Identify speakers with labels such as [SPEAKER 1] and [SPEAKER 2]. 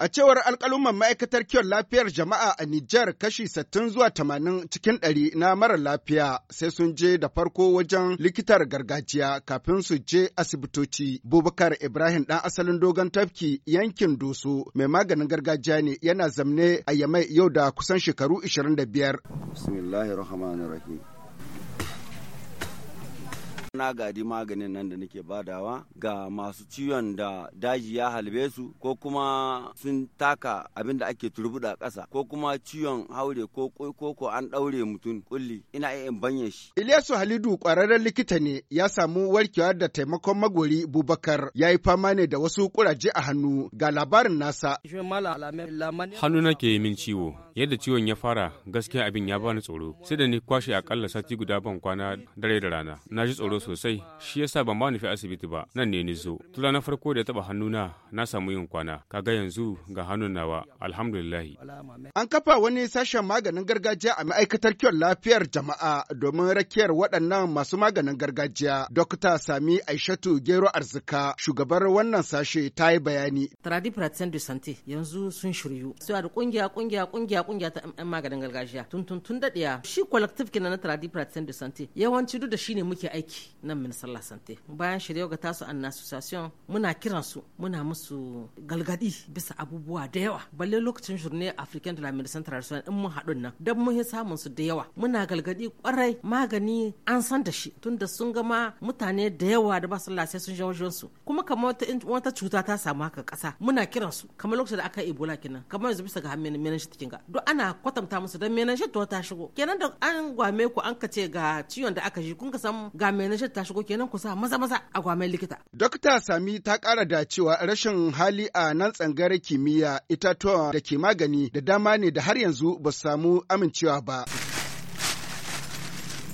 [SPEAKER 1] A cewar alkalumman ma'aikatar kiwon lafiyar jama'a a Nijar kashi sittin zuwa tamanin cikin ɗari na mara lafiya sai sun je da farko wajen likitar gargajiya kafin su je asibitoci. Bubakar Ibrahim ɗan asalin dogon tafki yankin Doso mai maganin gargajiya ne yana zamne a Yamai yau da kusan shekaru 25.
[SPEAKER 2] Bismillahirrahmanirrahim. na gadi maganin nan da nake badawa ga masu ciwon da daji ya halbe su ko kuma sun taka abin da ake turbuda ƙasa ko kuma ciwon haure ko ko an ɗaure mutum kulli ina iya banye shi.
[SPEAKER 1] Ilyasu Halidu ƙwararren likita ne ya samu warkewa da taimakon magwari Bubakar ya yi fama ne da wasu kuraje a hannu ga labarin nasa.
[SPEAKER 3] Hannu nake min ciwo Yadda ciwon ya fara gaskiya abin ya bani tsoro. Sai da ni kwashe akalla sati guda ban kwana dare da rana. Na ji tsoro sosai, shi yasa ban ba nufi asibiti ba. Nan ne ni zo. Tula na farko da ya taba hannuna na samu yin kwana. Kaga yanzu ga hannun nawa, alhamdulillahi.
[SPEAKER 1] An kafa wani sashen maganin gargajiya a ma'aikatar kiwon lafiyar jama'a domin rakiyar waɗannan masu maganin gargajiya. Dokta Sami Aishatu Gero Arzika, shugabar wannan sashe ta yi bayani.
[SPEAKER 4] Tradi yanzu sun shiryu. su da kungiya kungiya kungiya kungiya ta yan maganin gargajiya tun tun tun daɗiya shi collective kenan na tradi practice de santé yawanci duk da shine muke aiki nan min sallah santé bayan shirya ga tasu an association muna kiran su muna musu galgadi bisa abubuwa da yawa balle lokacin journée africaine de la medecine traditionnelle in mun haɗu nan dan mun samun su da yawa muna galgadi kwarai magani an san da shi tun da sun gama mutane da yawa da ba su sai sun shawo su kuma kamar wata cuta ta samu haka kasa muna kiran su kamar lokacin da aka ebola kenan kamar yanzu bisa ga hannun menin shi ga duk ana kwatanta musu don menashe to ta shigo kenan da an gwame ku an kace ga ciwon da aka shi kun ka san ga menashe ta shigo kenan ku sa maza maza a gwame likita
[SPEAKER 1] dokta sami ta kara da cewa rashin hali a nan tsangare kimiyya itatuwa da ke magani da dama ne da har yanzu ba su samu amincewa ba